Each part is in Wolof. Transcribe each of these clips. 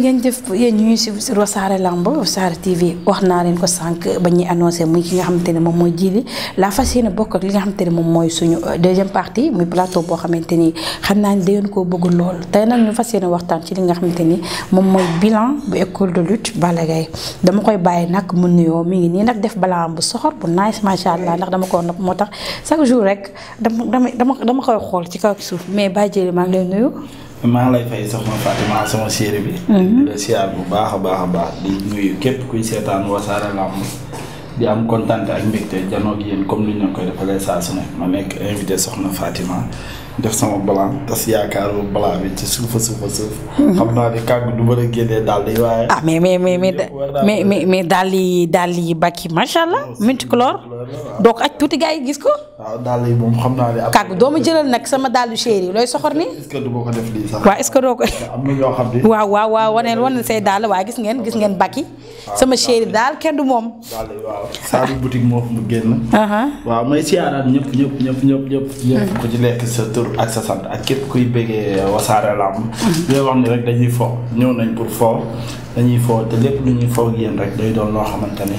ngeen jëf yéen ñu ngi suivre sur Wassare Lamb Wassare TV wax naa leen ko sànq ba ñuy annoncé muy ki nga xamante ne moom mooy Djily la fas yéene bokk ak li nga xamante ne moom mooy suñu euh, deuxième partie muy plateau boo xamante ni xam naa ni dayoon koo bëgg lool tey nag ñu fas yéene waxtaan ci li nga xam xamante ni moom mooy bilan bu école de lutte Balla dama koy bàyyi nag mu nuyoo mi ngi nii nag def balaam bu soxor bu nice macha allah ndax dama ko nopp moo tax chaque jour rek dama dama dama koy xool ci kaw ci suuf mais Baye maa ngi maa lay fay soxna Fatima sama séeréer bi. Mhm. di la siyaar bu baax a baax a baax di nuyu képp kuy seetaan wasaare lamb di am kontaan ak mbégte janoo ak yéen comme ni ñu koy defalee saa su ne ma nekk invité soxna Fatima. def sama balaa tas yaakaaru balaa bi ci suuf a suuf a suuf. xam naa ne kàggu du mën a génnee daal di waaye. ah mais mais mais mais mais mais daal di daal di bakki macha allah. multicolore doo ko aj tuuti gars yi gis ko. waaw daal yi moom xam naa ne. kàggu doo ma jëlal nag sama daal di chéri yi looy soxor ni. est ce que du ma ko def lii sax. waaw est ce que doo ko. am na ñoo xam ne. waaw waaw waaw waneen waneen say daal waaye gis ngeen gis ngeen bakki. sama chéri daal kenn du moom. daal di waaw Sadou boutique moo fa mu génn. waaw may siyaaraat ñëpp ñëpp ñëpp ñëpp ñëpp. ko ci lekk sa tur ak sa sant ak képp kuy bëggee wasaare lamb mhm. di wax ni rek dañuy fo ñëw nañ pour fo dañuy fo te lépp lu ñuy fo yéen rek day doon loo xamante ni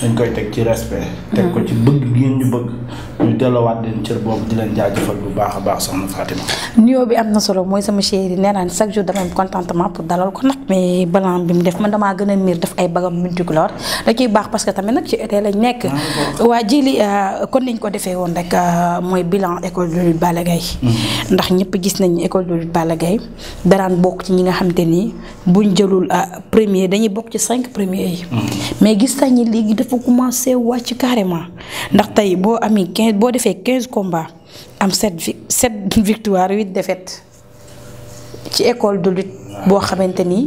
dañ koy teg ci respect teg ko mhm. ci bëgg gi ñu bëgg ñu delloowaat leen cër bi am na solo mooy sama chéri nee ne chaque jour dama am contentement pour dalal ko nag mais balan bi mu def man damaa gën a miir def ay bagam multicolore da ciy baax parce ah, ji li kon euh, niñ ko defee woon rek euh, mooy bilan école de lutte Balla Gaye mm-hmm. ndax ñëpp gis nañ école de lutte Balla Gaye daraan bokk ci ñi nga xam te ni buñ jëlul euh, premier dañuy bokk ci cinq premiers yi. Mm-hmm. mais gis nañ ni léegi dafa commencé wàcc carrément ndax tey boo amee boo defee 15 combats am 7 vi 7 victoire 8 défaites ci école de lutte boo xamante ni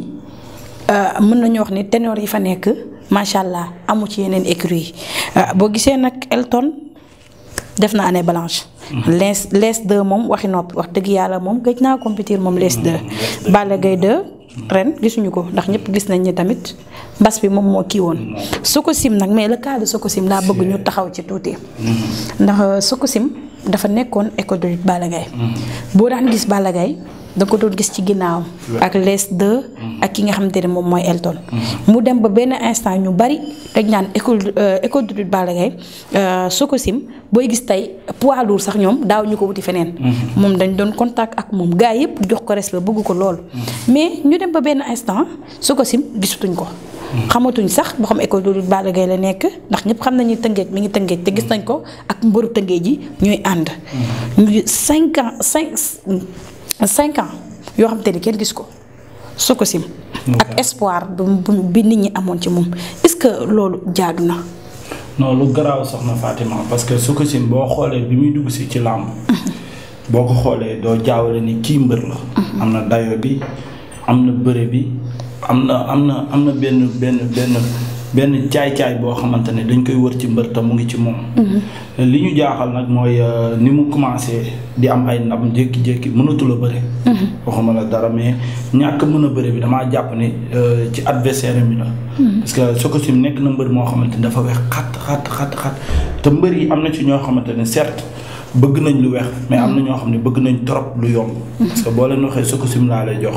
euh, mën nañu wax ni ténor yi fa nekk macha allah amu ci yeneen écurie euh, boo gisee nag Elton def na année blanche. Mm-hmm. les les de moom waxi nopp wax dëgg yàlla moom gëj naa computir moom les deux. Mm-hmm. Balla Gaye 2 ren gisuñu ko ndax ñëpp gis nañ ni tamit mbas bi moom moo kii woon Sococim nag mais le cas de Sococim laa bëgg ñu taxaw ci tuuti. ndax Sococim dafa nekkoon école de mm-hmm. boo daan gis Balla Gaye da ko doon gis ci ginnaawam. ak les de ak ki nga xamante ne moom mooy Elton. mu dem ba benn instant ñu bari te ñaan école euh, école de lutte Balla Gaye euh, Sococim booy gis tey poids lourd sax ñoom daaw ko wuti feneen. Mm-hmm. moom dañ doon contact ak moom gars yëpp jox ko respect bëgg ko lool. Mm-hmm. mais ñu dem ba benn instant Sococim gisutuñ ko. Mm-hmm. xamatuñ sax boo xam école de lutte Balla la nekk ndax ñëpp xam nañu tëngeej mi ngi tëngeej te gis nañ ko ak mbëru tëngeej yi ñooy ànd. ñu cinq cinq. cinq ans yoo xam te ni kenn gis ko su ko sim ak espoir bi nit ñi amoon ci moom est-ce que loolu jaadu na noonu lu garaaw soxna Fatima parce que su ko sim boo xoolee bi muy dugg si ci làmb boo ko xoolee doo jaawale ni kii mbër la am na dayo bi am na bëre bi am na am na am na benn benn benn benn caay-caay boo xamante ne dañ koy wër ci mbër te mu ngi ci moom. Mhm. li ñu jaaxal nag mooy euh, ni mu commencé di am ay ndam jékki-jékki mënatu la bëre. Mhm. waxuma la dara mais ñàkk mën a bëre bi damaa jàpp ne euh, ci adversaire bi la. Mhm. parce que Sococim nekk na mbër moo xamante ne dafa weex xat xat xat xat te mbër yi am na ci ñoo xamante ne certes. bëgg nañ lu weex mais am na ñoo xam ne bëgg nañ trop lu yomb. parce que boo leen waxee Sococim laa lay jox.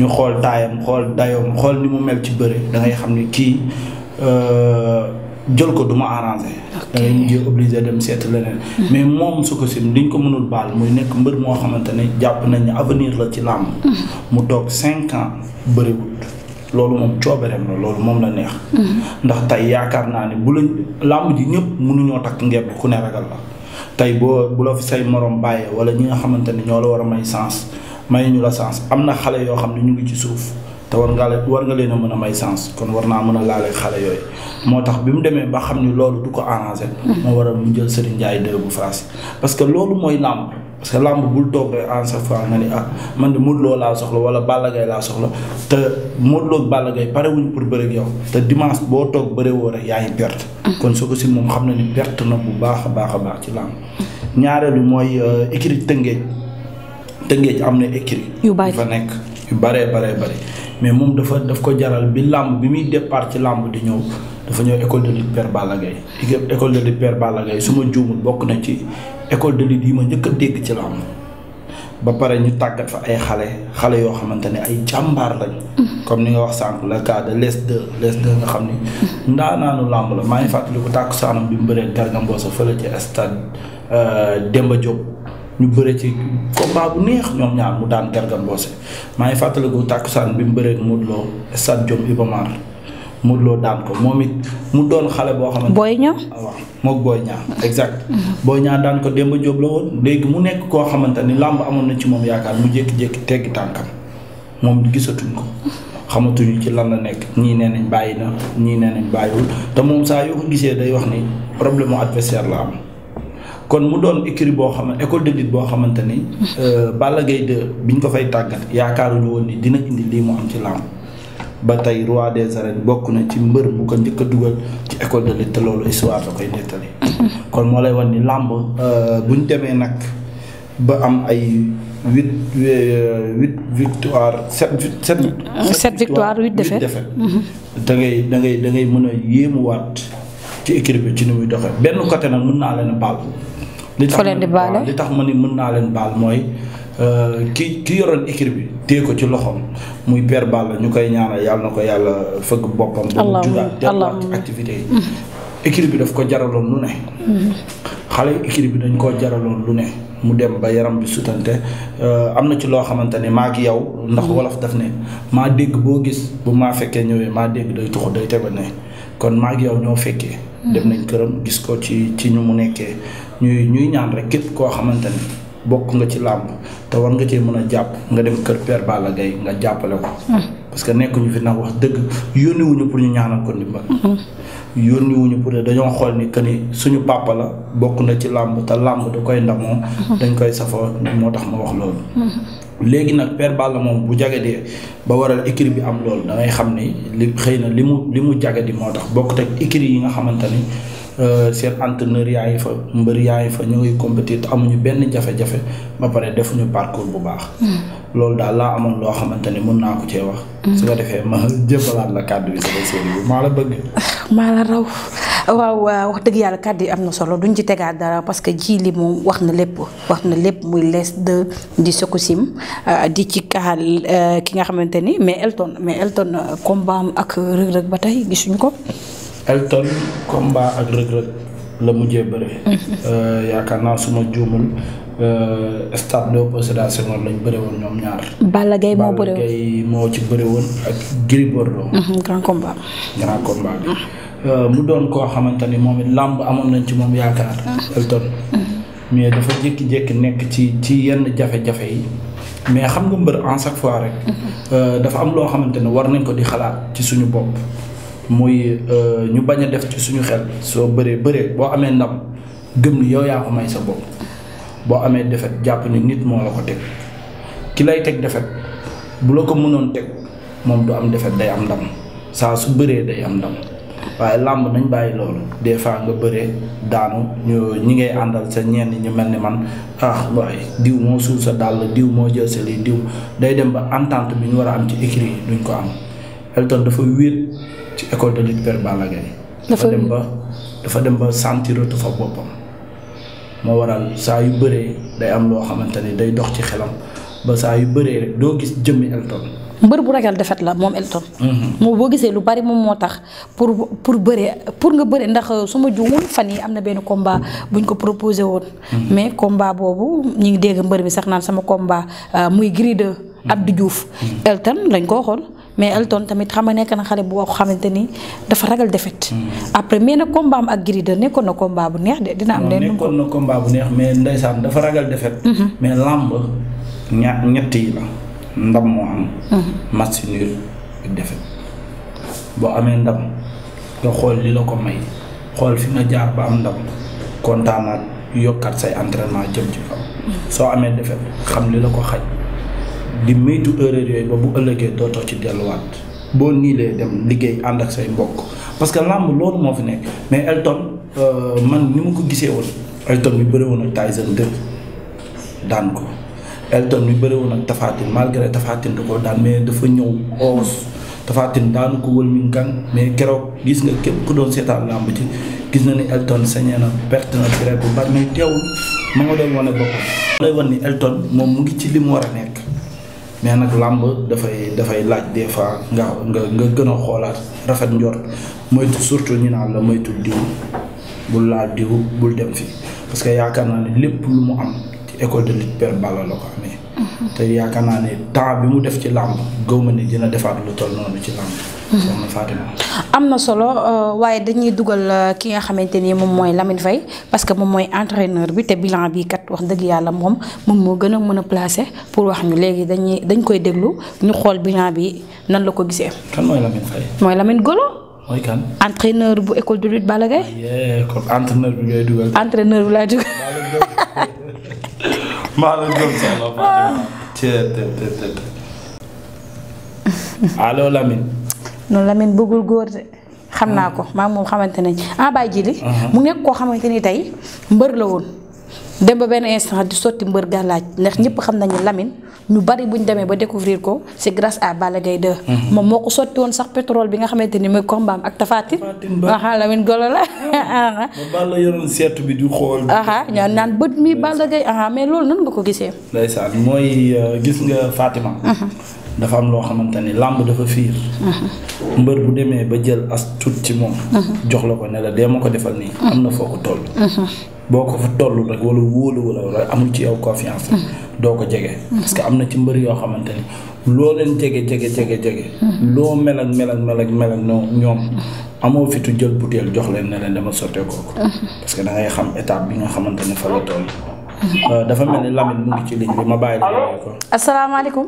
ñu xool taayam xool dayoom xool ni mu mel ci bëre da ngay xam ne kii Euh, jël ko duma ma arrangé. ok dañuy euh, jël obligé dem seet leneen. Hmm. mais moom su ko sim liñ ko mënul baal muy nekk mbër moo xamante ne jàpp nañ ne avenir la ci làmb. Hmm. mu toog cinq ans bëriwul. loolu moom coobereem la loolu moom la neex. Hmm. ndax tey yaakaar naa ne bu la làmb ji ñëpp mënuñoo takk ngemb ku ne ragal la tey boo bu la say morom bàyyee wala ñi nga xamante ne ñoo la war a may sens may ñu la sens am na xale yoo xam ne ñu ngi ci suuf. te war nga war nga leen a mën a may sens kon war naa mën a laale xale yooyu moo tax bi mu demee ba xam ni loolu du ko arrangé mm-hmm. moo waral mu jël Serigne Ndiaye deux bu Fass parce que loolu mooy làmb parce que làmb bul toog rek en chaque fois ni ah man de Modou laa soxla wala Balla Gaye laa soxla te Modou Lo ak Balla Gaye pour bëre yow te dimanche boo toog bëre woo rek yaa ngi perte mm-hmm. kon su ko si moom xam na ni perte na bu baax a baax a baax ci làmb ñaareelu mooy euh, écurie Tëngéej Tëngéej am na écurie yu fa nekk yu baree baree bëri mais moom dafa daf ko jaral bi làmb bi muy départ ci làmb di ñëw dafa ñëw école de lutte Père Balla école de lutte Père Balla su ma juumul bokk na ci école de lutte yi ma njëkk a dégg ci làmb ba pare ñu tàggat fa ay xale xale yoo xamante ne ay jàmbaar lañ. Mm-hmm. comme ni nga wax sànq le cas de les deux les deux nga xam ni. Mm-hmm. ndaanaanu làmb la maa ngi fàttaliku tàkkusaanam bi mu bëree Garga Mbossé fële ci stade euh, Demba Diop. ñu bëre ci combat bu neex ñoom ñaar mu daan Garga Mbossé maa ngi fàttaliku tàkkusaan bi mu bëree Modou Lo stade Diop Iba Mar Modou Lo daan ko moom it mu doon xale boo xamante Boy Niang ah, waaw mook Boy Niang exact Boy Niang daan ko Demba Diop la woon léegi mu nekk koo xamante ni làmb amoon na ci moom yaakaar mu jékki-jékki teggi tànkam moom gisatuñ ko xamatuñu ci lan la nekk ñii nee nañ bàyyi na ñii nee nañ bàyyiwul te moom saa yoo ko gisee day wax ni problème mu adversaire kon mu doon écurie boo xam ne école de lutte boo xamante ni. Euh, Balla Gaye 2 bi ñu ko fay tàggat yaakaaruñu woon ni dina indi lii mu am ci làmb ba tey roi des arènes bokk na ci mbër bu ko njëkk dugal ci école de lutte loolu histoire da koy nettali. kon moo lay wan ni làmb euh, bu ñu demee nag ba am ay huit euh, huit victoire sept sept. sept victoire huit défaite mhm. da ngay da ngay da ngay mën a yéemuwaat ci écurie bi ci ni muy doxee benn côté nag mun naa leen baal. li tax li tax ma ni mën naa leen baal mooy euh, ki ki yoroon écrit bi téye ko ci loxoom muy Père Balla ñu koy ñaanal yàlla na ko yàlla fëgg boppam. ba mu jugaat delluwaat ci activité yi. écrit bi daf ko jaraloon lu ne. xale yi écrit bi dañ koo jaraloon lu ne. mu dem ba yaram bi sutante euh, am na ci loo xamante ne maa ngi yow ndax wolof daf ne maa dégg boo gis bu maa fekkee ñëwee maa dégg day tuxu day tebe ne kon maa ngi yow ñoo fekkee. Mm. dem nañ këram gis ko ci ci ñu mu nekkee ñuy ñuy ñaan rek képp koo xamante ni bokk nga ci làmb te war nga cee mën a jàpp nga dem kër Père Balla Gaye nga jàppale ko. Mm. parce que nekkuñu fi nag wax dëgg yónni wuñu pour ñu ñaanal ko ndimbal. Mm-hmm. yónni wuñu pour dañoo xool ni que ni suñu papa la bokk na ci làmb te làmb da koy ndamoo. Mm-hmm. dañ koy safoo moo tax ma wax loolu. Mm-hmm. léegi nag Père Balla moom bu jagadee ba waral écrit bi am loolu da xam ni li xëy na li mu li mu jagadi moo tax bokk teg écrit yi nga xamante ni. Euh, seen entraîneur yaa ngi fa mbër yaa fa ñu ngi amuñu benn jafe-jafe ba pare defuñu parcours bu baax. Hmm. loolu daal laa amoon loo xamante ne mën naa ko cee wax. Hmm. su ko defee ma jëmbalaat la kàddu bi sama série bi wax dëgg yàlla kàddu yi am na solo duñ ci tegaat dara parce que ji li moom wax na lépp wax na lépp muy les de di Sococim euh, di ci kaal euh, ki nga xamante ni mais Elton mais Elton combat ak Reug Reug ba tey gisuñ ko. Elton combat ak Reug Reug la mujjee bëre. Mhm. Euh, yaakaar naa suma juumul euh, stade Léopold Sédar Senghor lañ woon ñoom ñaar. Balla Gaye moo ci bëre woon ak Gris Bordeaux. Mhm, grand combat. grand combat mhm. euh, mu doon koo xamante ni moom it làmb amoon nañ ci moom yaakaar. Elton mais dafa jékki-jékki nekk ci ci yenn jafe-jafe yi. mais xam nga mbër en chaque fois rek. dafa am loo xamante ne war nañ ko di xalaat ci suñu bopp. muy euh, ñu bañ a def ci suñu xel soo bëree bëree boo amee ndam gëm ni yow yaa ko may sa bopp boo amee defet jàpp ni nit moo la ko teg ki lay teg defet bu la ko mënoon teg moom du am defet day am ndam saa su bëree day am ndam waaye làmb nañ bàyyi loolu des fois nga bëree daanu ñu ñi ngay àndal sa ñenn ñu mel ni man ah waaye diw moo suul sa dàll diw moo jël sa lii diw day dem ba entente bi ñu war a am ci écrit duñ ko am Elton dafa wéet ci école de lutte Père Balla dafa dem ba dafa dem ba moo waral saa yu bëree day am loo xamante ni day dox ci xelam ba saa yu bëree doo gis jëmmi Elton mbër bu ragal defet la moom Elton mhm. moom boo gisee lu bari moom moo tax pour pour bëree pour nga bëree ndax su ma juumul fan yi am na benn combat buñ ko proposé woon mhm. mais combat boobu ñu ngi dégg mbër bi sax naan sama combat euh, muy Gris de mhm. di Diouf Elton lañ koo xool mais Elton tamit xam nga nekk na xale bu wax xamante ni dafa ragal défaite. après mais nag combat ak Gris 2 nekkoon na combat bu neex de dina am. lenn nekkoon na combat bu neex mais ndeysaan dafa ragal defet mhm. mais làmb ña ñett yi la ndam moo am. Mhm. match nul boo amee ndam nga xool li la ko may xool fi nga jaar ba am ndam kontaanaat yokkaat say entraînement jëm ci mhm. soo amee défaite xam li la ko xaj. di moytu erreur yooyu ba bu ëllëgee dootoo ci delluwaat boo niilee dem liggéey ànd ak say mbokk parce que làmb loolu moo fi nekk mais Elton euh, man ni ma ko gisee woon Elton bi bëri woon daan ko Elton bi bëri woon ak Tapha Tine malgré Tapha Tine mais dafa ñëw oos Tapha Tine ko wël mi ngang mais keroog gis nga képp ku doon seetaan ci gis na ni Elton sañee na perte bu bari ma nga doon wan ni Elton moom mu ngi ci li mu war a nekk mais nag làmb dafay dafay laaj des fois nga nga nga gën a xoolaat rafet njor moytu surtout ñu naan la moytu diw bu laal diw bul dem fii parce que yaakaar naa ne lépp lu mu am ci école de lutte Père Balla la ko amee te yaakaar naa ne temps bi mu def ci làmb gëw ma ne dina defaat lu toll noonu ci làmb. Mhm. soxna Fatima. am na solo euh, waaye dañuy dugal euh, ki nga xamante ni moom mooy Lamine fay parce que moom mooy entraîneur bi te bilan bi kat wax dëgg yàlla moom moom moo gën a mën a placé pour wax ñu léegi dañuy dañ koy déglu ñu xool bilan bi nan la ko gisee. kan mooy Lamine Faye. mooy Lamine Golo. mooy bu école de lutte Balla Gaye. maa lamin noonu lamin bëggul góor de. xam naa ko maa moom xamante nañ ah Baye Jili. Uh-huh. mu nekk koo xamante ni tey mbër la woon. dem ba benn instant di sotti mbër gàllaaj ndax ñëpp xam nañu Lamine ñu bari bu ñu demee ba découvrir ko c'est grâce à ball gay 2. Mhm. moom moo ko sotti woon sax pétrole bi nga xamante ni mooy kombaam ak Tafatin. aha Lamine golo la. ba Balla yoroon bi di xool. ñaan naan bët mi Balla Gaye aha mais loolu nan nga ko gisee. ndeysaan mooy euh, gis nga Fatima. Mhm. dafa am loo xamante ni làmb dafa fiir mhm. mbër bu demee ba jël as tuut ci moom. jox la ko ne la dee ma ko defal nii. am na foo ko toll. boo ko fa toll rek wala wóolu wala amul ci yow confiance mm. doo ko jege. Mm. parce que am na ci mbër yoo xamante ni loo leen jege jege jege jege. Mm. loo mel ak mel ak mel ak ñoom amoo fitu jël butéel jox leen ne leen dama sottee kooku. parce xam étape bi nga xamante ni fa la toll. Euh, dafa mel ni Lamine mu ngi ci ligne bi ma bàyyi la ko. asalaamaaleykum.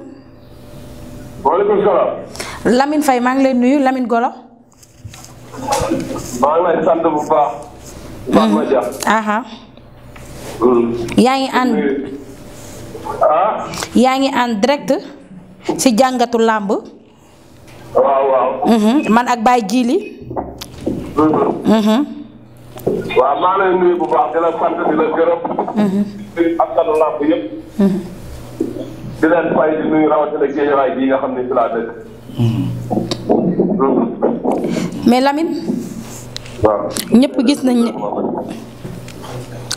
waaleykum salaam. Lamine maa ngi leen nuyu lamit Golo. Fatma mm. Dia. aha mm. yaa ngi ànd. Ah? yaa ngi ànd direct ci jàngatu làmb. waaw waaw. Mhm. man ak Baye Jili. Mm-hmm. Mhm. waaw maa ngi mhm. mm-hmm. mais Lamine. waaw gis nañ ne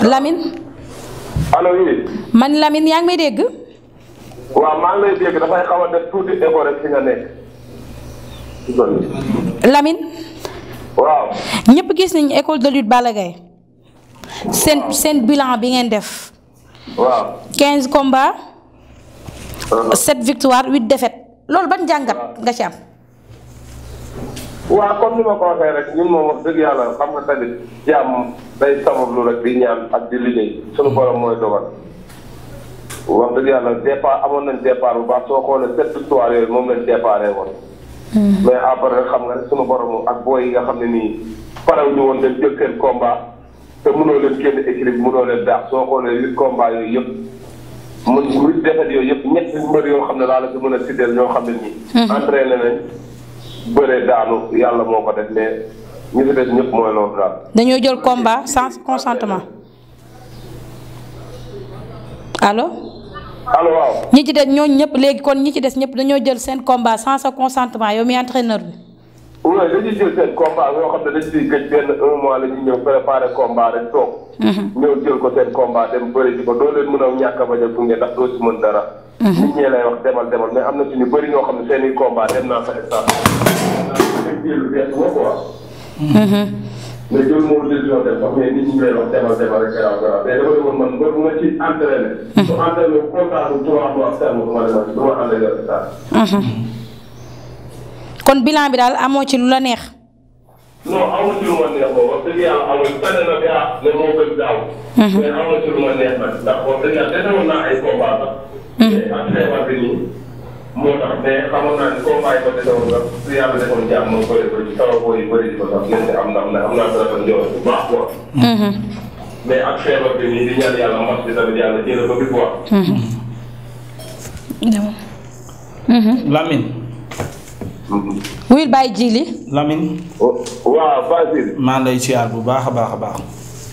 Lamine. allo man Lamine yaa ngi may dégg. waaw maa ngi lay dégg dafay xaw a def tuuti école de lutte Balla seen seen bilan bi ngeen def. waaw 15 combats. 7 uh-huh. victoires 8 défaites loolu ban jàngat nga ci am. waaw kon ni ma ko waxee rek ñun moom wax dëgg yàlla xam nga tamit jàmm day sabablu rek di ñaan ak di liggéey suñu borom mooy dogal wax dëgg yàlla départ amoon nañ départ bu baax soo xoolee sept victoire yooyu moom lañ départé woon. Hmm. mais après xam nga rek suñu borom ak booy yi nga xam ne nii faraw ñu woon dem jël seen combat te mënoo leen kenn écrit mënoo leen daax soo xoolee huit combat yooyu yëpp. mën huit défaites yooyu yëpp ñett mbër yoo xam ne laa la ko mën a siddeel ñoo xam ne nii. Hmm. entraîné nañ. bëre daanu yàlla moo ko def mais ñi fi des ñëpp mooy loolu daal. dañoo jël combat sans consentement allo. allo waaw. ñu ci des ñooñu ñëpp léegi kon ñu ci des ñëpp dañoo jël seen combat sans sa consentement yow mi entraîneur bi. oui dañuy jël seen combat yoo xam ne dañ ciy gëj benn un mois la ñëw préparer combat rek toog. Mhm. ñëw jël ko seen combat dem bëri ji ko doo mën a ñàkk a bañ a gunge ndax doo ci mën dara. Mhm. nit ñee lay wax demal demal mais am na suñu bëri ñoo xam ne seen i combat dem naa fa instant mhm. moom mais nit ñi lay wax demal demal rek garaaw garaaw mais dafa demoon man mbër mhm. bu demal du ma entraîné kon bilan bi daal amoo ci lu la neex. non aw ma ci lu ma neex moom wax dëgg yàlla aw ma tane na bi ah mais moo bi ko ci sama boy yi bëri wuyul Baye Jili. li oh, waaw Basile. maa lay siyaar bu baax a baax a baax.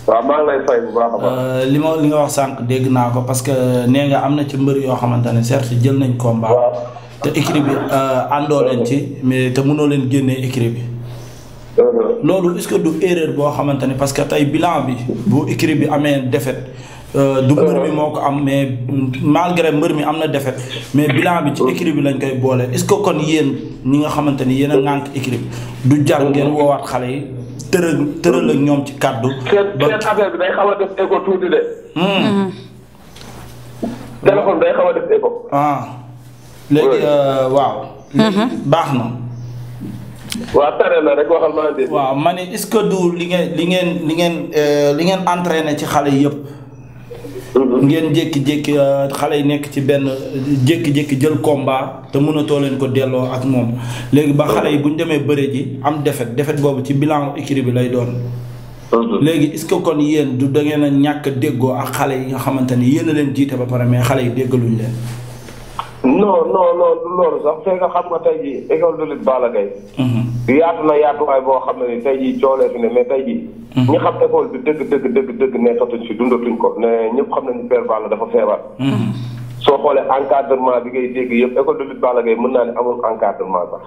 waaw maa bu baax a euh, li ma li nga wax sànq dégg naa ko parce que nee nga am na ci mbër yoo xamante ne certes jël nañ combat. te écrit bi euh, àndoo leen ci mais te mënoo leen génnee écrit bi. loolu est que du erreur boo xamante ne parce que tey bilan bi bu écrit bi amee défaite. Euh, du mbër mi euh. moo ko am mais malgré mbër mi am na defet mais bilan bi ci euh. équipe bi lañ koy boole est-ce que kon yéen ñi nga xamante ni yéen a ŋànk du jar ngeen woowaat xale yi tëral tëral ak ñoom ci kàddu. seen seen bi day a def écho tuuti de. téléphone hmm. ah. waaw. Mm-hmm. baax na. waaw pare na waaw ma ne est-ce que du li ngeen li ngeen li ngeen li ngeen entraîné ci xale yi yëpp. ngeen jékki-jékki euh, xale yi nekk ci benn jékki-jékki jël combat te mënatoo leen ko delloo ak moom léegi ba xale yi bu ñu demee bëre ji am defet defet boobu ci bilan écrit bi lay doon. Mhm. léegi est kon yéen du da ngeen a ñàkk déggoo ak xale yi nga xamante ni yéen a leen jiite ba pare mais xale yi déggaluñ leen. non non non loolu sax nga xam nga tey jii école de lutte Balla Gaye mhm. yaatu na yaatuwaay boo xam ne ni tey jii coolee fi ne mais tey jii mhm. xam école bi dëgg dëgg dëgg dëgg nekkatuñ si dundatuñ ko ne ñëpp xam nañu Père Balla dafa feebar mhm. soo xoolee encadrement bi ngay dégg yëpp école de lutte Balla mën naa ne amul encadrement sax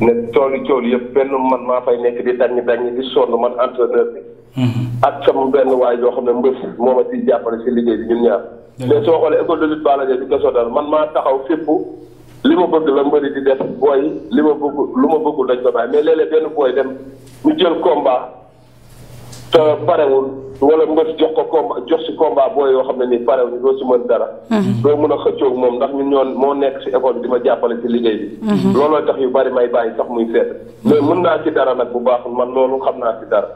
ne cooli cooli yëpp benn man maa fay nekk di daññ daññ di sonn man entraîneur bi ak sama benn waay yoo xam ne mbëf moo a ciy jàppale si liggéey bi ñun ñaar mais soo xoolee école de lutte Balla Gaye bi ko sotal man maa taxaw fépp li ma bëgg la mbëri di def booy li ma bëgg lu ma bëggul dañ ko bàyyi mais léeg-léeg benn booy dem ñu jël komba te parewul wala mbër jox ko combat jox si combat boo yoo xam ne ni pare ñu doo si mën dara. Mm-hmm. doo mun a xëccoog moom ndax ñun ñoo moo nekk si école bi di ma jàppale si liggéey bi. Mm-hmm. looloo tax yu bari may bàyyi sax muy seet. Mm-hmm. mais mun naa si dara nag bu baax man loolu xam naa si dara.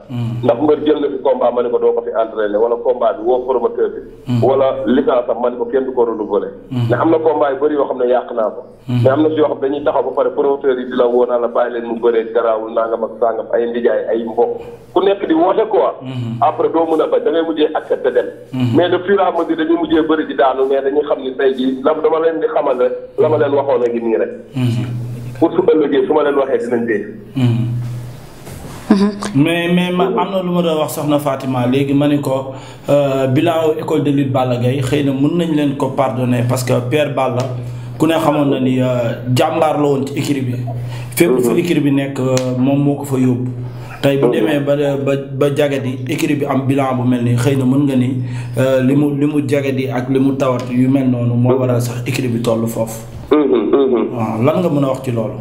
ndax mbër jël na fi combat ma ne ko doo ko fi entraîné wala combat bi woo promoteur bi. wala licence am ma ne ko kenn du ko renouvelé. mais am na combat yu bari yoo xam ne yàq naa ko. mais am na si yoo dañuy taxaw ba pare promoteur yi di la woo naa la bàyyi leen mu bëree garaawul nangam ak sangam ay ndijaay ay mbokk ku nekk di woote quoi. Mhm. après doo mun a bañ da ngay mujjee accepté dem. Mhm. mais le fur et à dañuy mujjee bëri di daanu mais dañuy xam ni tey jii la dama leen di xamal rek la ma leen waxoon a ngi nii rek. Mhm. pour su ëllëgee su ma leen waxee dinañ dégg. mais mais ma am na lu ma doon wax soxna Fatima léegi ma ne ko euh, bilan école de lutte Balla xëy na mun nañ leen ko pardonner parce que Père Balla. ku ne xamoon na ni euh, jàmbaar la woon ci écurie bi. fépp fu mhm. écurie bi nekk euh, moom moo ko fa yóbbu. tey bu mhm. demee ba ba ba jagadi écurie bi am bilan bu mel nii xëy na mën nga ni euh, li mu li mu jagadi ak li mu tawat yu mel noonu. moo mhm. waral sax écurie bi toll foofu. lan nga mën a wax ci loolu.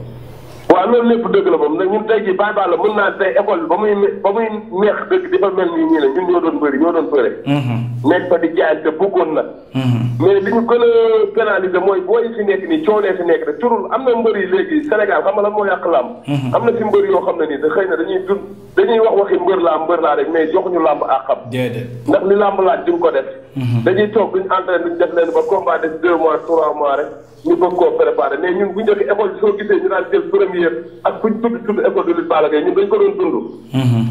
waaw loolu lépp dëgg la moom nag ñun tey jii Baye Balla naa tey école ba muy ba muy neex dëgg mel ni ñu ne ñun ñoo doon bëri ñoo doon bëre. Mhm. nekk fa di jaayante bëggoon na. Mhm. mais li ñu gën a pénaliser mooy booy fi nekk nii coonee fi nekk rek am na mbër yi léegi Sénégal xam nga moo yàq làmb. Mhm. am na fi mbër yoo xam ne nii da xëy na dañuy dund dañuy wax waxi mbër laa mbër laa rek mais joxuñu làmb ak xam. ndax li làmb laaj duñ ko def. dañuy toog duñ entraîné duñ def ba combat yëpp ak kuñ tudd tudd école de lutte Balla Gaye ñun dañ ko doon dund. Mhm.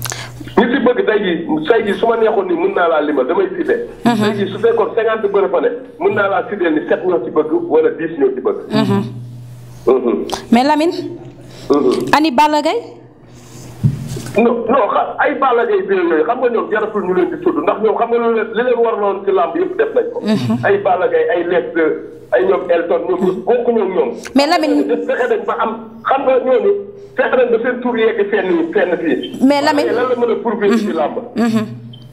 ñi si bëgg tey jii tey jii su ma neexoon nii mën naa laa limal damay cité. Mhm. tey jii su fekkoon cinquante bërëb fa ne naa laa cité ni sept ñoo ci bëgg wala dix ñoo ci bëgg. Mhm. Mhm. mais Lamine. ani Balla Gaye non non ay Balla Gaye bi yooyu xam nga ñoom jaratul ñu leen di tudd ndax ñoom xam nga lu leen li leen war loon ci làmb yëpp def nañ ko. Mhm. ay Balla Gaye ay Lac ay ñoom Elton ñoom ñoom bokkuñu ak mais Lamine fexe nañ ba am xam nga ñooñu fexe nañ ba seen tur yeegi fenn fenn fii. mais Lamine la mën a prouver ci làmb. Mhm.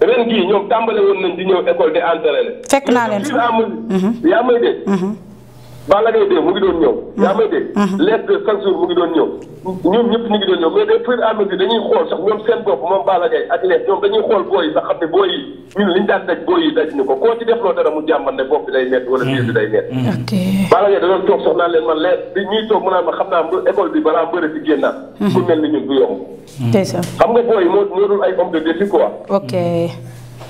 ren gii ñoom tàmbale woon nañ di ñëw école di entraîner. fekk naa leen fi mhm. yaa may dégg. Mhm. Balla Gaye dee mu ngi doon ñëw. Mm-hmm. yaa may dégg. de mm-hmm. chaque jour mu ngi doon ñëw. ñoom ñëpp ñu ngi doon ñëw mais des fois à dañuy xool sax ñoom seen bopp moom Balla ak lettre ñoom dañuy xool booy yi sax xam ne booy yi ñun mu jàmbat ne bopp bi mm-hmm. da doon toog soxnaa leen man lettre bi ñuy toog mu naan ma xam naa ba école mel ni ñun du yomb. xam nga booy yi moo moo dul ay homme de défi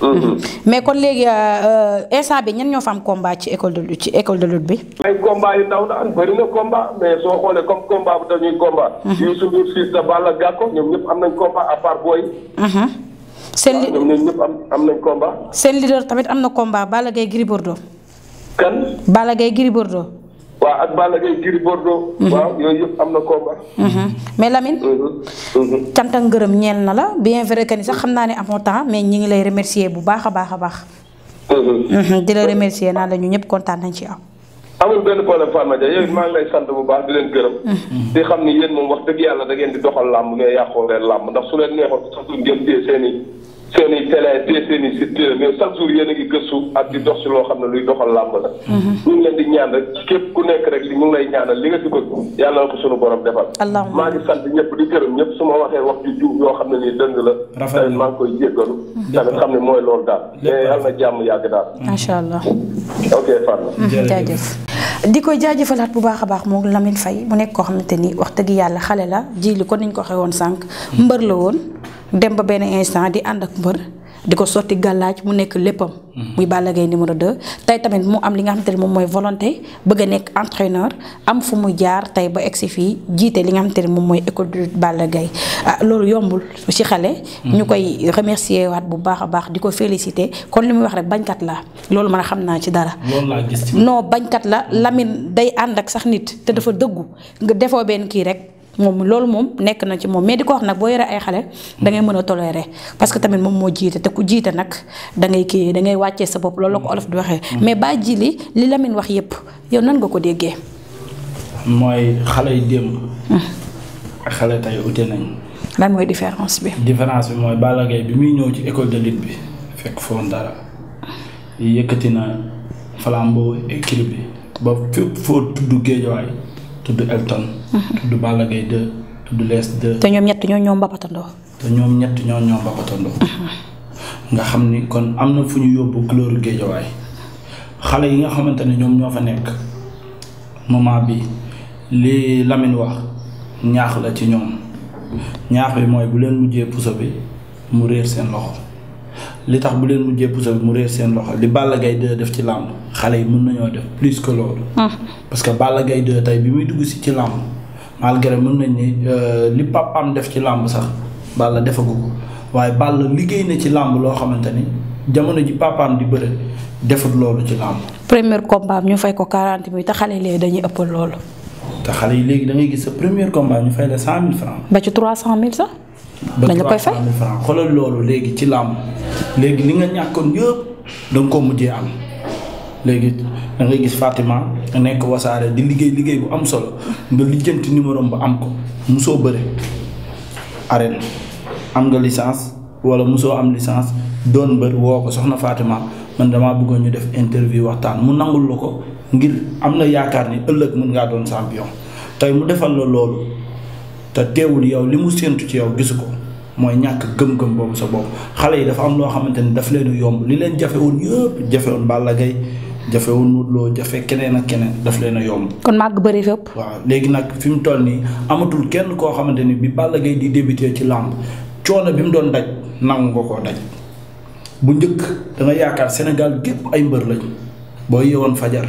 Mm-hmm. mais kon léegi euh, instant bi ñan ñoo fa am combat ci école de lutte ci école de lutte bi. ay combat yu ndaw daan bëri na combat mais soo xoolee comme combat bu mm-hmm. ñoom ñëpp nañ combat à part mm-hmm. am nañ combat. seen leader tamit am na combat Balla Gaye Gris Bordeaux. kan. Balla Gaye Gris waaw ak Balla Gaye Gris Bordeaux. Mhm. waaw yooyu yëpp am na combat. Mhm. mais Lamine. Mhm. cant gërëm ngërëm ñeel na la bien vrai que ni sax xam naa ne amoo temps mais ñi ngi lay remercier bu baax a baax a baax. di la remercier naa la ñu ñëpp kontaan nañ ci am. amul benn problème Fatma Dia yow maa lay sant bu baax di leen gërëm. di xam ni yéen moom wax dëgg yàlla da ngeen di doxal làmb mais yàqoo leen ndax su leen neexoon sax duñ jëm téye seen seen i télé te seen i mais chaque jour yéen a ngi ak di dox si loo xam ne luy doxal làmb la. Mhm. ñu ngi leen di ñaan rek képp ku nekk rek li ñu ngi lay ñaanal li nga si bëgg yàlla na ko sunu borom defal. maa ngi sant ñëpp di gërëm ñëpp su ma waxee wax ju juum yoo xam ne nii dëng la. rafet maa ngi koy jéggalu. Mhm. tamit xam ne mooy loolu daal. mais yàlla jàmm yàgg daal. macha mhm. allah. ok Fatma. jaajëf. di koy jaajëfalaat bu baax a baax moo Lamine Faye mu nekk koo xamante ni wax dëgg yàlla xale la ji ko niñ ko waxee woon sànq mbër la woon dem ba benn instant di ànd ak mbër di ko sotti gàllaaj mu nekk léppam. Mhm. muy Balla Gaye numéro 2. tey tamit mu am li nga xam xamante ni moom mooy volonté bëgg a nekk entraîneur am fu mu jaar tey ba egsi fii jiite li nga xamante ne moom mooy école du Balla Gaye ah loolu yombul su ci xale. Mhm. ñu koy remercier waat bu baax a baax di ko féliciter kon li muy wax rek bañkat la loolu man xam naa ci dara. loolu bañkat la Lamine day ànd ak sax nit te dafa dëggu nga defoo benn kii rek. moom loolu moom nekk na ci moom mais di ko wax nag boo yore ay xale da ngay mën a toléré parce que tamit moom moo jiite te ku jiite nag dangay ngay kii da wàccee sa bopp loolu la ko olof di waxee mm. mais baa ji li li Lamine wax yépp yow nan nga ko déggee mooy xale yi démb mm. xale tey ute nañ lan mooy différence bi différence bi mooy Balla Gaye bi muy ñëw ci école de lutte bi fekk foon dara yëkkati na flambeau équipe bi ba fépp foo tudd géejawaay tudd Elton. Mhm. tudd Balla Gaye 2 tudd Lees 2. te ñoom ñett ñoom mbapatandoo. te ñoom ñett ñoo ñoom mbapatandoo. Mhm. nga xam ni kon am na fu ñu yóbbu gloire géejawaay xale yi nga xamante ne ñoom ñoo fa nekk moment bi li lamin wax ñaax la ci ñoom ñaax bi mooy bu leen mujjee puso bi mu réer seen loxo li tax bu leen mujjee puso bi mu réer seen loxo li Balla Gaye 2 def ci làmb xale yi mun nañoo def plus que loolu. Hmm. parce que Balla Gaye 2 tey bi muy dugg si ci làmb malgré mën nañ ni euh, li papaam def ci làmb sax Balla defagu ko waaye Balla liggéey na ci làmb loo xamante ni jamono ji papaam di bëre defut loolu ci làmb. premier combat ñu fay ko quarante mille te xale léegi dañuy ëppal loolu. te yi léegi da ngay gis sa premier combat ñu fay la 100000 francs. ba ci 300000 sax. dañ la koy fay ba loolu léegi ci làmb léegi li nga ñàkkoon yëpp da ko mujjee am. léegi da ngay gis Fatima nekk wasaare di liggéey liggéey bu am solo nga lijjanti numéro ba am ko musoo bëre arène am nga licence wala musoo am licence doon mbër woo ko soxna Fatima man damaa bëggoon ñu def interview waxtaan mu nangul la ko ngir am na yaakaar ni ëllëg mën ngaa doon champion tey mu defal la loolu te teewul yow li mu séentu ci yow gisu ko mooy ñàkk gëm-gëm boobu sa bopp xale yi dafa am loo xamante ni daf leen yomb li leen jafe woon yëpp jafewul Modou Lo jafe keneen ak keneen daf leen a yomb. kon màgg bëri fépp. waaw léegi nag fi mu toll nii amatul kenn koo xamante ni bi Balla Gaye di débuté ci làmb coono bi mu doon daj nangu nga koo daj bu njëkk da nga yaakaar Sénégal gépp ay mbër lañ boo yeewoon fajar.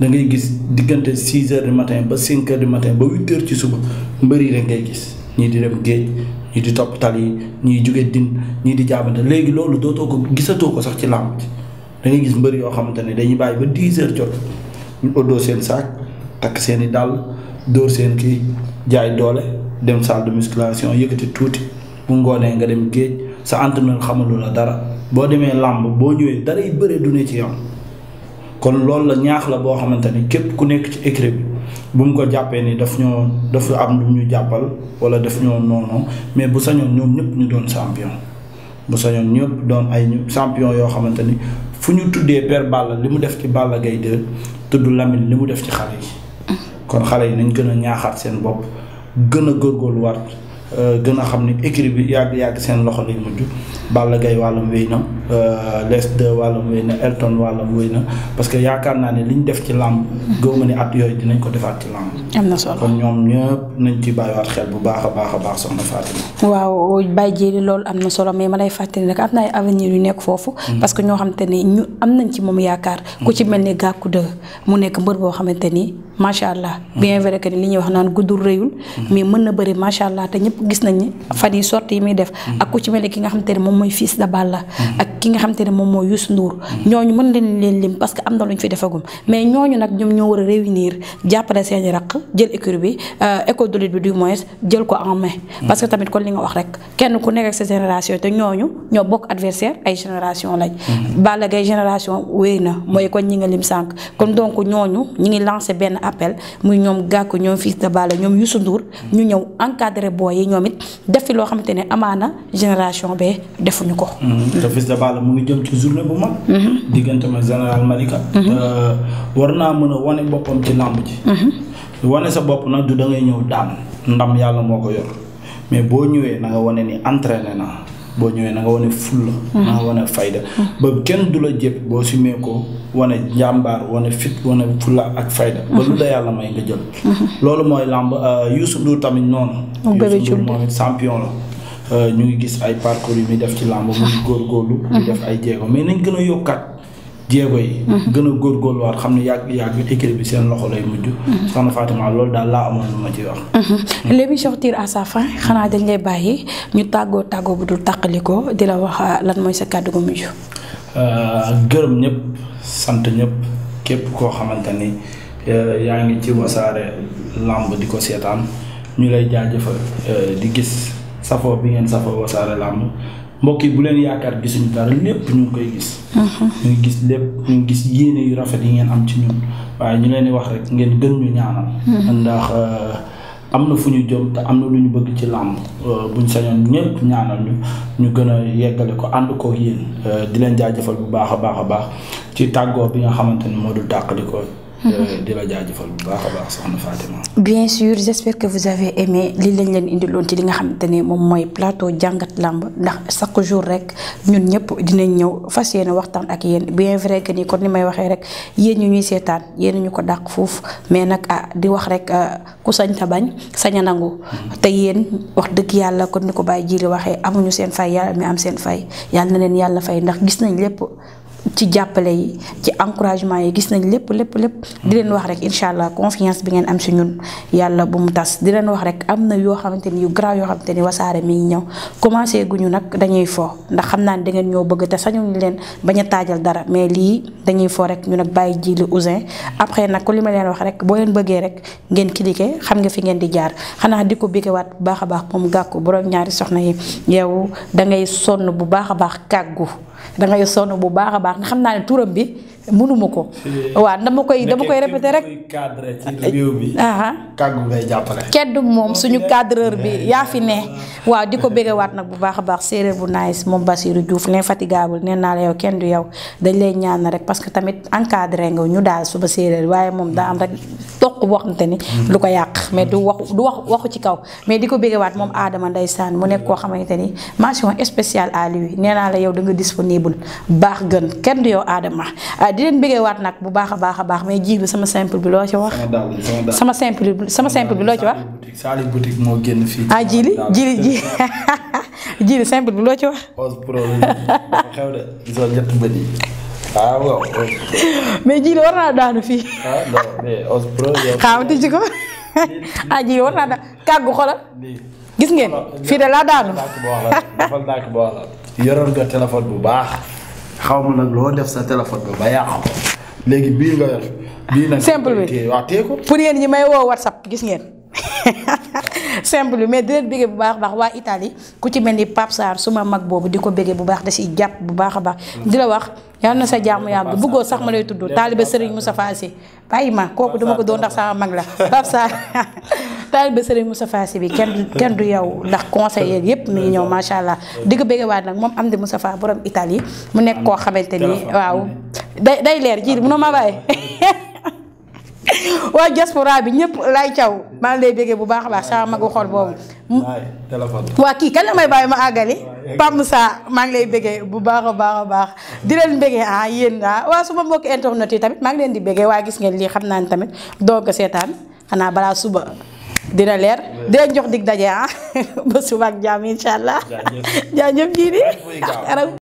da ngay gis diggante six heures du matin ba cinq heures du matin ba huit heures ci suba mbër yi rek ngay gis ñii di dem géej ñii di topp tali yi ñii jóge din ñii di jaabante léegi loolu dootoo ko gisatoo ko sax ci làmb ji da ngay gis mbër yoo xamante ne dañuy bàyyi ba 10 heures jot ñu oddoo seen saak takk seen i dàll dóor seen kii jaay doole dem salle de musculation yëkkati tuuti bu ngoonee nga dem géej sa entraîneur xamalu la dara boo demee làmb boo ñëwee dara yi bëree ci yoon kon loolu la ñaax la boo xamante ni képp ku nekk ci écrit bi bu mu ko jàppee ni daf ñoo daf am lu ñu jàppal wala daf ñoo noonu mais bu sañoon ñoom ñëpp ñu doon champion bu sañoon ñëpp doon ay champion yoo xamante fu ñu tuddee Père Balla li mu def ci Balla Gaye 2 tudd Lamine li mu def ci xale yi mm. kon xale yi nañ gën a ñaaxaat seen bopp gën a góorgóorluwaat Euh, gën a xam ni écrit bi yàgg-yàgg seen loxo lay mujj Balla Gaye wàllam wéy na euh, les deux wàllam wéy na Elton wàllam wéy na que yaakaar naa ne li ñu def ci làmb gëw ma ne at yooyu dinañ ko defaat ci làmb am na solo kon ñoom ñëpp nañ ci bàyyiwaat xel bu baax a baax a baax soxna bàyyi loolu am na solo mais ma lay fàttali rek am na ay avenir yu nekk foofu hmm. parce que ñoo xamante ne am nañ ci moom yaakaar ku ci hmm. mel ni gàkku de mu nekk mbër boo xamante ni macha allah bien hmm. vrai que ni ñuy wax naan guddul rëyul mais mën na bëri macha allah te ñëpp ñëpp gis nañ ni fan yi sorte yi muy def mm-hmm. ak ku ci mel ne ki nga xamante ne moom mooy Fils de Balla mm-hmm. ak ki nga xamante ne moom mooy Youssou Ndour mm-hmm. ñooñu mën leen leen lim parce que am na ñoom ñoo war a réunir jàppale seeni raq jël écurie bi euh, école de lutte bi du moins jël ko en main que tamit kon li nga wax rek kenn ku nekk génération te ñooñu ñoo bokk adversaire ay génération lañ Balla Gaye génération wéy na mooy kon ñi nga lim sànq kon donc ñooñu ñi ngi lancé benn appel muy ñoom gàkk ñoom Fils de Balla ñoom Youssou nduur ñu ñëw encadré booy yi ñoom it def fi loo xamante ne amaana génération bee defuñu ko. Mm-hmm. te Fils de Balla mu ngi jëm ci journée bu mag. Mm-hmm. diggante ma général Malika. Mm-hmm. war naa mën a wane boppam ci làmb ji. wane sa bopp nag du da ngay ñëw daan ndam yàlla moo ko yor mais boo ñëwee na nga ni entraîné naa. boo ñëwee na nga wane fulla mm-hmm. na wane fayda mm-hmm. ba kenn du la jëpp boo simee ko wane njàmbaar wane fit wane fulla ak fayda ba lu mm-hmm. la yàlla may nga jël loolu mooy làmb euh, Youssou Ndour tamit noonu oh, Youssou Ndour moom it champion la euh, ñu ngi gis ay parcours yu muy def ci làmb muy góorgóorlu muy def ay jéego mais nañ gën a yokkaat jéego yi. Mhm. gën a góorgóorluwaat xam ne yàgg yàgg écrit bi seen loxo lay mujj. Mhm. soxna Fatima loolu daal laa amoon lu ma ciy wax. Mhm. l'émission tire à sa fin xanaa dañ lay bàyyi ñu tàggoo tàggoo bu dul tàqalikoo di la wax ah, lan mooy sa kàddu gu mujj. Euh, gërëm ñëpp sant ñëpp képp koo xamante ni euh, yaa ngi ci wasaare làmb di ko seetaan ñu lay jaajëfal euh, di gis safoo bi ngeen safoo wasaare làmb. mbokk yi bu leen yaakaar gisuñu dara lépp ñu ngi koy gis. Mhm. ñu ngi gis lépp ñu ngi gis yéene yu rafet yi ngeen am ci ñun waaye ñu leen di wax rek ngeen gën ñu ñaanal. Mhm. ndax euh, am na fu ñu jëm te am na lu ñu bëgg ci làmb euh, buñ sañoon ñëpp ñaanal ñu ñu gën a yeggale ko ànd koog yéen euh, di leen jaajëfal bu baax a baax a baax ci tàggoor bi nga xamante ni moo dul tàqali ko Euh, mhm. bien sur j' espère que vous avez aimé li lañ leen indiloon ci li nga xamante ne moom mooy plateau jàngat làmb ndax chaque jour rek ñun ñëpp dinañ ñëw fas yéene waxtaan ak yéen bien vrai que nii kon ni may waxee rek yéen ñu ñuy seetaan yéen ñu ko dàq foofu mais nag ah di wax rek ah, ku sañ ta bañ saña nangu. Mhm. te yéen wax dëgg yàlla kon ni ko bàyyi jiiri waxee amuñu seen fay yàlla mi am seen fay yàlla na leen yàlla fay ndax gis nañ lépp. ci jàppale yi ci encouragement yi gis nañ lépp lépp lépp di leen wax rek incha allah confiance bi ngeen am si ñun yàlla bu mu tas di leen wax rek am na yoo xamante ni yu grave yoo xamante ni wasaare mi ngi ñëw commencé guñu nag dañuy fo ndax xam naa ne dangeen ñoo bëgg te sañuñu leen bañ a taajal dara mais lii dañuy fo rek ñu nag bàyyi ji li ousin après nag ku li ma leen wax rek boo leen bëggee rek ngeen cliquer xam nga fi ngeen di jaar xanaa di ko waat bu baax a baax moom gàkku borom ñaari soxna yi yow dangay sonn bu baax a baax kàg xam naa ne turam bi mënuma ko. waa dama koy dama koy répété rek. Ah, ah. kàggu keddu moom suñu cadreur bi yaa fi ne. waaw di ko bëggewaat nag bu baax a baax séeréer bu nice moom Basirou Diouf l'infatigable nee naa la yow kenn du yow dañ lay ñaan na rek parce que tamit encadré nga ñu daal suba séeréer waaye moom daa am rek toq boo xamante ni. lu mm-hmm. ko yàq mais du wax du wax waxu ci kaw mais di ko bëggewaat moom Adama ndeysaan mu nekk koo xamante ni mention spéciale à lui nee la yow da nga disponible baax gën kenn du yow Adama di leen bëggee waat nag bu baax a baax a baax mais jiir sama simple bi loo ci wax. sama simple bi sama simple bi loo ci wax. Saali boutique moo génn fii. ah jiili jiili ji jiili simple bi loo ci wax. waaw mais jiili war naa daanu fii. ah non ci ko ah jiili war naa daanu gis ngeen fii de laa daanu. yoroon nga téléphone bu baax. xaw ma nag loo def sa téléphone bi ba yàq ko léegi bii nga yor. bii nag simple bi waaw téye ko. pour yéen ñi may woo WhatsApp gis ngeen. simple mais di leen bëggee bu baax a baax waa Italie ku ci mel ni Pape Sarr ma mag boobu di ko bëggee bu baax da si jàpp bu baax a baax di la wax yal na sa jàmm mm. yàgg bëggoo sax ma lay tudd taaliba Serigne Moustapha Sy bàyyi ma kooku duma ko doon ndax sama mag la Pape Sarr taaliba Serigne Moustapha Sy bi kenn kenn du yow ndax conseiller yépp mi ngi ñëw macha allah di ko bëggee waat nag moom am di Moustapha borom Italie mu nekk koo xamante ni waaw day day leer ji mënoo ma bàyyi waa diaspora bi ñëpp lay caw maa ngi lay béggee bu baax a baax sama magu xol boobu waa kii kan may bàyyi ma àggali Pape Moussa maa ngi lay béggee bu baax a baax a baax di leen béggee ah yéen ah waa su ma mbokk internet yi tamit maa ngi leen di béggee waa gis ngeen lii xam naa ni tamit doog a seetaan xanaa balaa suba dina leer di leen jox dig daje ah ba suba ak jàmm incha allah jaajëf jii nii